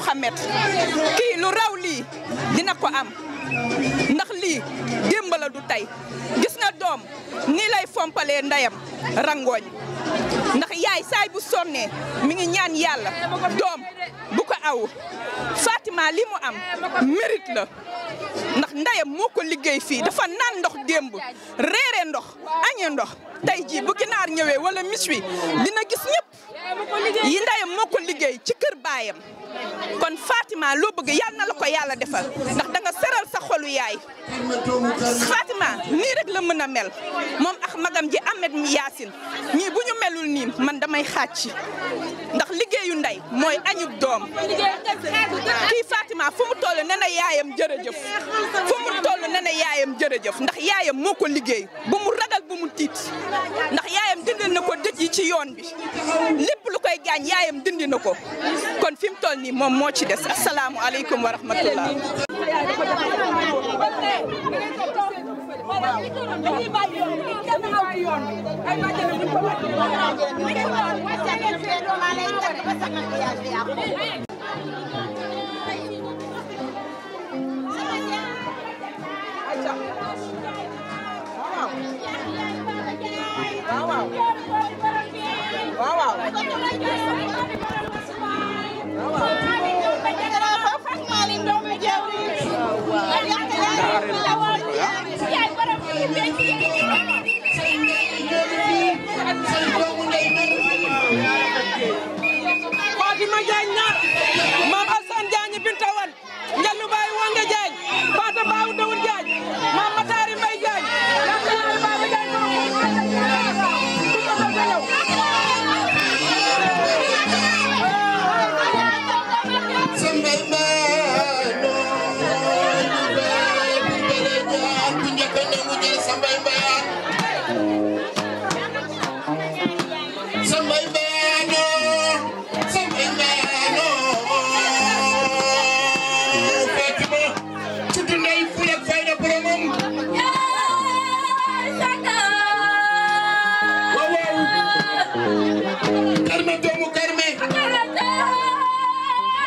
Mouhamed kii lu raw lii dina ko am ndax lii démb la du tey gis nga doom nii lay fompalee ndeyam rangooñ ndax yaay saay bu sonnee mi ngi ñaan yàlla doom bu ko aw Fatima li mu am mérite la ndax ndeyam moo ko liggéey fii dafa naan ndox démb reere ndox añee ndox tey jii bu ginaar ñëwee wala mis wi dina gis ñëpp yi ndeyam moo ko liggéey ci kër baayam kon Fatima loo bëgg yàlla na la ko yàlla defal ndax da nga seral sa xolu yaay Fatima nii rek la mën a mel moom ak magam ji Ahmed Yaasin ñii bu ñu melul nii man damay xàcc ndax liggéeyu ndey mooy añub doom kii Fatima fu mu toll nee yaayam jërëjëf fu mu toll nee yaayam jërëjëf ndax yaayam moo ko liggéey bu mu ba mu tiit ndax yaayam dindil na ko dëj yi ci yoon bi lépp lu koy gaañ yaayam dindi na ko kon fi toll nii moom moo ci des asalaamualeykum wa rahmatullah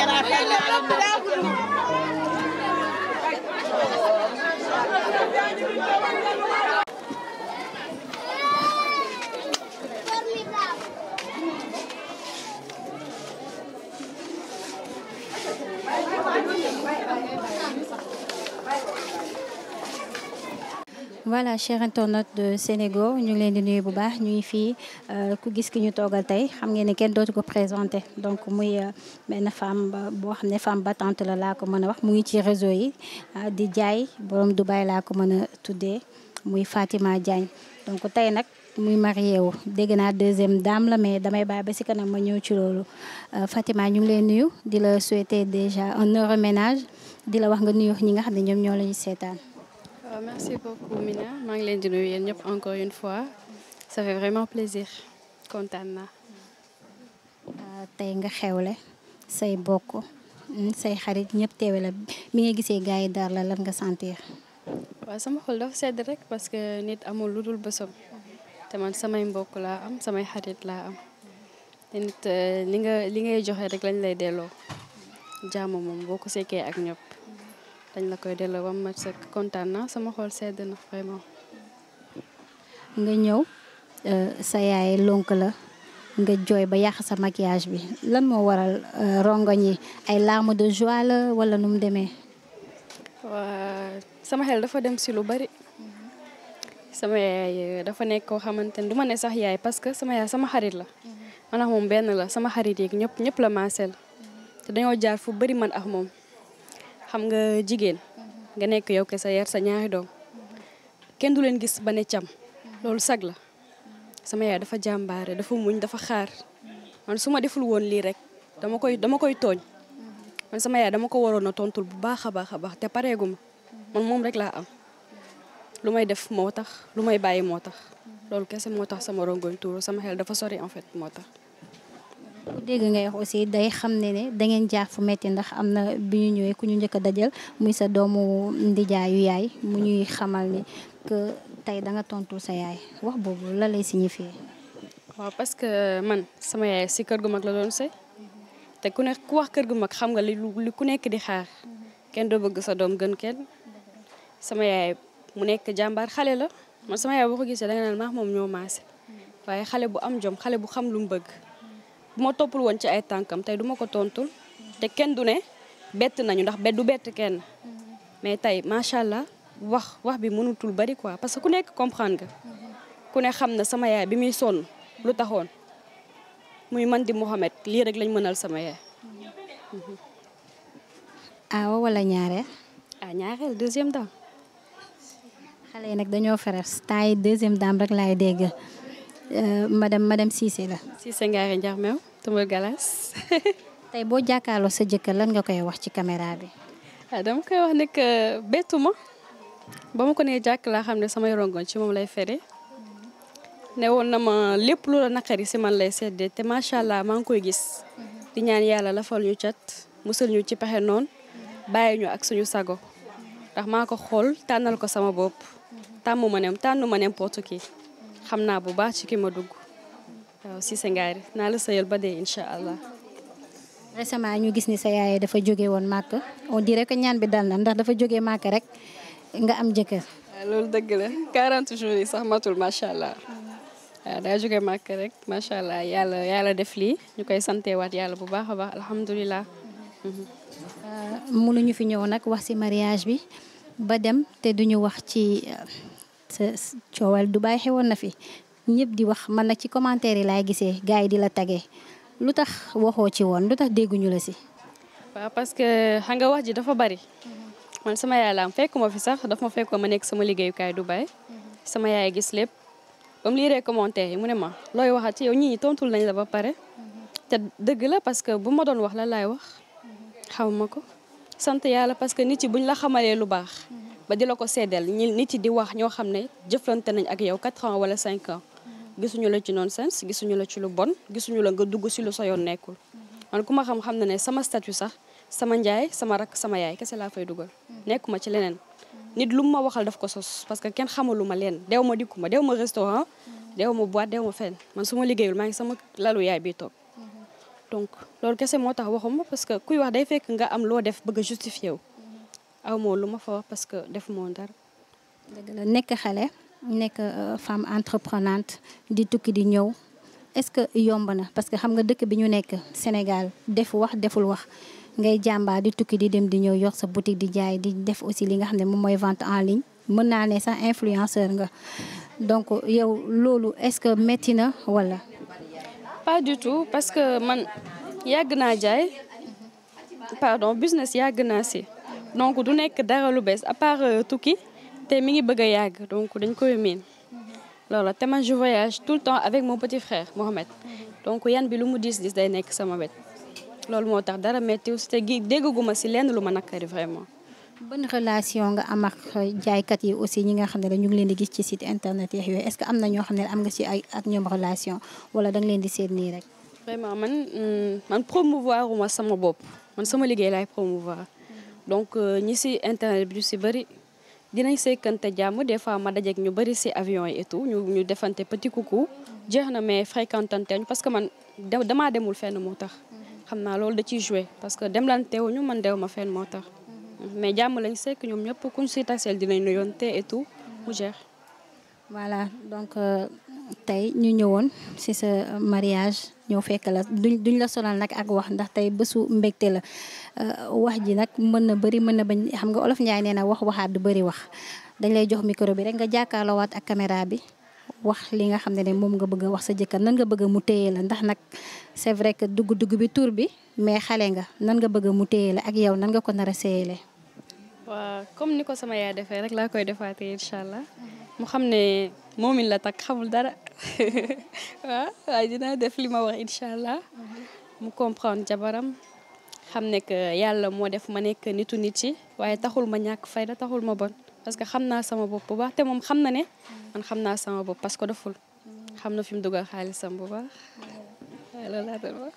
jaraaf voilà chers internautes de Sénégo ñu ngi leen di nuyu bu baax ñu ngi fii euh, ku gis ki ñu toogal tey xam ngeen ne kenn dootu ko présenté donc muy euh, benn femme boo xam ne femme battante la laa ko mën a wax mu ngi ci réseau yi euh, di jaay borom Dubaï laa ko mën a tuddee muy Fatima Diagne donc tey nag muy marié wu dégg naa deuxième daam la mais damay bàyyi ba si kanam ma ñëw ci loolu Fatima ñu ngi leen nuyu di la souhaiter déjà un heureux ménage di la wax nga nuyu ñi nga xam ne ñoom ñoo la ñu seetaan. waaw euh, merci beaucoup ngi leen di nuyu yéen ñëpp encore une fois ça fait vraiment kontaan naa. Euh, tey nga xewle say bokk mm, say xarit ñëpp teewe la bi nga gisee gars yi daal la lan nga sentir. waaw sama xol dafa sedd rek parce que nit amul lu dul bësam te man samay mbokk laa am samay xarit laa am te nit euh, li nga li ngay joxe rek lañ lay delloo jàmm moom boo ko sekkee ak ñëpp. dañ la koy delloo ba mu mat sa kontaan sama xol sedd na vraiment. nga ñëw euh, sa yaay lonk la nga jooy ba yàq sa maquillage bi lan moo waral euh, rongoñ yi ay larmes de joie la wala nu demee. sama xel dafa dem si lu bari. sama yaay euh, dafa nekk koo xamante ne du ma ne sax yaay parce que sama yaay sama xarit la. Mhm. man ak moom benn la sama xarit yeeg ñëpp ñëpp la maaseel. te dañoo jaar fu bari man ak moom. xam nga jigéen nga nekk yow kese yar sa ñaari doom kenn du leen gis ba ne cam loolu sag la sama yaay dafa jàmbaare dafa muñ dafa xaar man su ma deful woon lii rek dama koy dama koy tooñ man sama yaay dama ko waroon a tontul bu baax a baax a baax te pareeguma man moom rek laa am lu may def moo tax lu may bàyyi moo tax loolu kese moo tax sama rongoñ tuuru sama xel dafa sori en fait moo tax ku dégg ngay yox aussi day xam ne ne da ngeen jaar fu metti ndax am na bi ñu ñëwee ku ñu njëkk a dajal muy sa doomu ndijaayu yaay mu ñuy xamal ni que tey danga tontu sa yaay wax boobu la lay signifier. waaw parce que euh, man sama yaay si kër gu mag la doon sëy te ku ne ku wax kër gu mag xam nga li li ku nekk di xaar kenn doo bëgg sa doom gën kenn sama yaay mu nekk jàmbaar xale la man sama yaay boo ko gisee da nga naan maax moom ñoo maase waaye xale bu am jom xale bu xam lu bëgg. bu ma toppul woon ci ay tànkam tey du ma ko tontul te kenn du ne bett nañu ndax bet du bett kenn mais tey macha allah wax wax bi mënutul bari quoi parce que ku nekk comprendre nga ku ne xam na sama yaay bi muy sonn lu taxoon muy man di Mouhamed lii rek lañ mënal sama yaay. Mm-hmm. awa wala ñaareel. ah ñaareel deuxième dame. xale yi nag dañoo feres temps yi deuxième dame rek laay dégg. Euh, madame madame Cissé la. Cissé Ngare Ndiarmew Tumbal Galas. tey boo jàkkaarloo sa jëkka lan nga koy wax ci caméra bi. Ah, dama koy wax ne que bettu ma ba ko ne jàkk laa xam ne sama rongoñ ci moom lay fere. ne woon na ma lépp lu la naqari si man lay seddee te macha allah maa ngi koy gis. di ñaan yàlla lafal ñu cat musal ñu ci pexe noon bàyyi ñu ak suñu sago ndax maa ko xool tànnal ko sama bopp tàmm ma ne tànn ma n'importe qui xam naa bu baax ci ki ma dugg waaw Cissé Ngari naa la sëyal ba dee incha allah. récemment ñu gis ni sa yaay dafa jóge woon màkk on dirait que ñaan bi dal na ndax dafa jóge màkk rek nga am jëkkër. loolu dëgg la 40 jours yi sax matul macha allah. waaw daa jóge màkk rek macha allah yàlla yàlla def lii ñu koy waat yàlla bu baax a baax alhamdulilah. Mhm. Euh, mënuñu fi ñëw nag wax ci mariage bi ba dem te duñu wax ci. Euh, coowal Dubaay xewoon na fi ñëpp di wax man nag ci commentaire yi laay gisee gars yi di la tagee lu tax waxoo ci woon lu tax dégguñu la si. waaw parce que xam nga wax ji dafa bari. man sama yaay laam fekkuma fi sax daf ma fekkoon ma nekk sama liggéeyukaay Dubaay. sama yaay gis lépp ba mu liiree mu ne ma looy waxati yow ñii tontul nañ la ba pare. te dëgg la parce que bu ma doon wax la laay wax. xaw ko sant yàlla parce que nit yi buñ la xamalee lu baax. ba di la ko seddeel ñi nit yi di wax ñoo xam ne jëflante nañ ak yow 4 ans wala cinq ans mm-hmm. gisuñu la ci nonsense gisuñu la ci lu bon gisuñu la nga dugg si lu sa yoon nekkul mm-hmm. man ku ma xam xam na ne sama statut sax sama njaay sama rakk sama yaay kese laa fay dugal mm-hmm. nekkuma ci leneen nit lu mu ma waxal daf ko sos parce que kenn xamalu ma leen dew ma dikku ma dew ma restaurant dew ma boîte dew ma fen man suma ma liggéeyul maa ngi sama lalu yaay bi toog donc loolu kese moo tax waxuma parce que kuy wax day fekk nga am loo def bëgg a justifié wu aw moo lu ma fa wax parce que def moo dara. dëgg la nekk xale nekk euh, femme entreprenante di tukki di ñëw est-ce que yomb na parce que xam nga dëkk bi ñu nekk Sénégal defu wax deful wax ngay jàmbaar di tukki di dem di ñëw yor sa boutique di jaay di def aussi li nga xam ne moom mooy vente en ligne mën naa ne sax influenceur nga donc yow loolu est-ce que métti na walla. pas du tout parce que man yàgg naa jaay business yàgg naa si. donc du nekk dara lu bees à part euh, tukki te mi ngi bëgg a yàgg donc dañ koy miin loola te man je voyage tout le temps avec mon petit frère Mohamed donc yan bi lu mu diis diis day nekk sama wet loolu moo tax dara méttiw si te déggaguma si lenn lu ma nakkari vraiment. ban relation nga am ak jaaykat yi aussi ñi nga xam ne ñu ngi leen di gis ci site internet yeex yooyu est-ce que am na ñoo xam ne am nga si ay ak ñoom relation wala da leen di seet nii rek. vraiment man hmm, man promouvoir uma sama bopp man sama liggéey laay promouvoir. donc euh, ñi si internet bi ñu si bëri dinañ sekkante jàmm des fois ma dajeeg ñu bëri si avion yi et ñu ñu defante petit ku jeex na mais fréquentante ñu parce que man damaa demul fenn moo tax. xam naa loolu da ciy joué parce que dem lan teewuñu man dew ma fenn moo tax. mais jàmm lañ sekk ñoom ñëpp kuñ si taseel dinañ yoon te tout mu jeex. voilà donc euh, tey ñu ñëwoon si sa mariage. ñoo fekk la duñ la sonal nag ak wax ndax tey bésu mbégte la euh, wax ji nag mën na bëri mën na bañ xam nga olof Njaay nee na wax waxaat du bëri wax dañ lay jox micro bi rek nga jàkkaarloowaat ak caméra bi wax li nga xam ne ne moom nga bëgg a wax sa jëkkër nan nga bëgg mu téye la ndax nag c'est vrai que dugg-dugg bi tuur bi mais xale nga nan nga bëgg mu téye la ak yow nan nga ko nar a séyele. waaw comme ni ko sama yaay defee rek laa koy defaatee incha allah. Mm-hmm. mu xam ne moomin la takk xamul dara waaw ah, waaye dina def li ma wax incha allah mu comprendre jabaram xam ne que yàlla moo def ma nekk nitu nit yi waaye taxul ma ñàkk fayda taxul ma bon parce que xam naa sama bopp bu baax te moom xam na ne man xam naa sama bopp parce que doful xam na fi mu dugal xaalisam bu baax loolu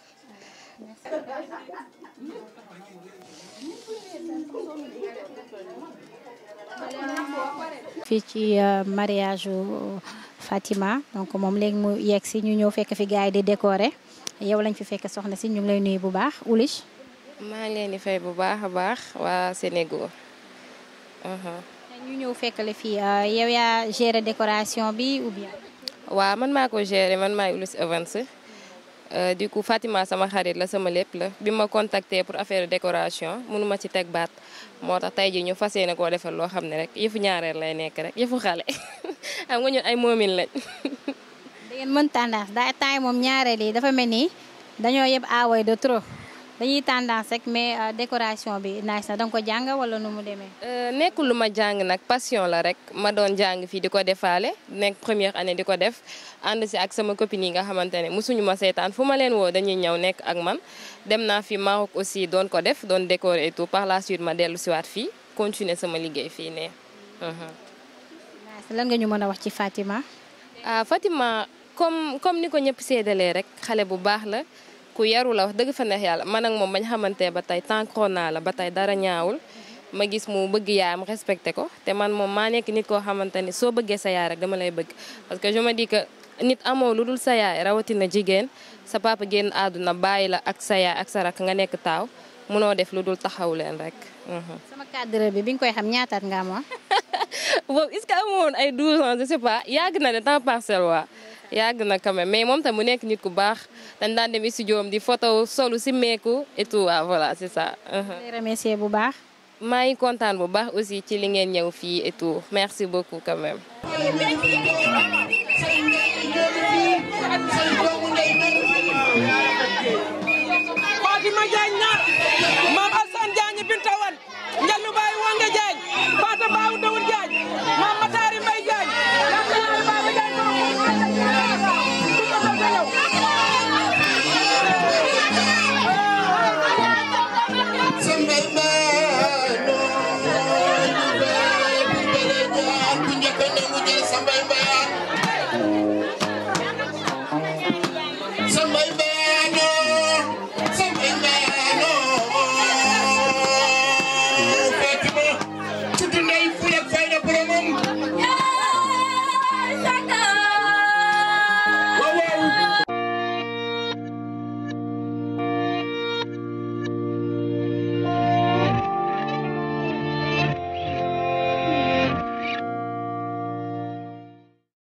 fii ci euh, mariage Fatima donc moom léegi mu yegg si ñu ñëw fekk fi gars yi di décorer yow lañ fi fekk soxna si ñu ngi lay nuyu bu baax Ulich. maa ngi leen di fay bu baax a baax waa Sénégal. Uh-huh. ñu ñëw fekk la fii euh, yow yaa gérer décoration bi ou bien. waaw man maa ko gérer man maay Ulich Evans. Euh, du coup fatiment sama xarit la sama lépp la bi ma contacté pour affaire décoration mënuma ci teg baat moo tax tey ji ñu fas ne koo defal loo xam ne rek yëfu ñaareel lay nekk rek yëfu xale xam nga ñun ay moomin lañ. da ngeen mën tendance daa temps moom ñaareel yi dafa mel nii dañoo yëpp aaway de trop. dañuy tendance rek mais euh, décoration bi nice na da nga ko jàng wala nu mu demee. Euh, nekkul lu ma jàng nag passion la rek ma doon jàng fii di ko defaale nekk première année di ko def ànd si ak sama copine yi nga xamante ne suñu ma seetaan fu ma leen woo dañuy ñëw nekk ak man dem naa fi Maroc aussi doon ko def doon décorer et tout par la suite ma dellu siwaat fii continuer sama liggéey fii ne mhm. la nga ñu mën a wax ci Fatima. ah Fatima comme comme ni ko ñëpp séedalee rek xale bu baax la. ku yaru la wax dëgg fa neex yàlla man ak moom bañ xamante ba tey tànkoo naa la ba tey dara ñaawul ma gis mu bëgg yaayam respecté ko te man moom maa nekk nit koo xamante ni soo bëggee sa yaay rek dama lay bëgg parce que je me dis que nit amoo lu dul sa yaay rawatina jigéen sa papa génn àdduna bàyyi la ak sa yaay ak sa rak nga nekk taaw mënoo def lu dul taxaw leen rek. Mhm. sama cadre bi bi nga koy xam ñaataat nga amoon. Ah? boobu est ay 12 ans je sais pas na de temps partiel waa. yàgg na quand même mais moom tam mu nekk nit ku baax dañ daan di photo solu si meeku et tout voilà c'est ça. Uh-huh. remercier bu baax. maa ngi kontaan bu baax aussi ci li ngeen ñëw fii et tout merci beaucoup quand même.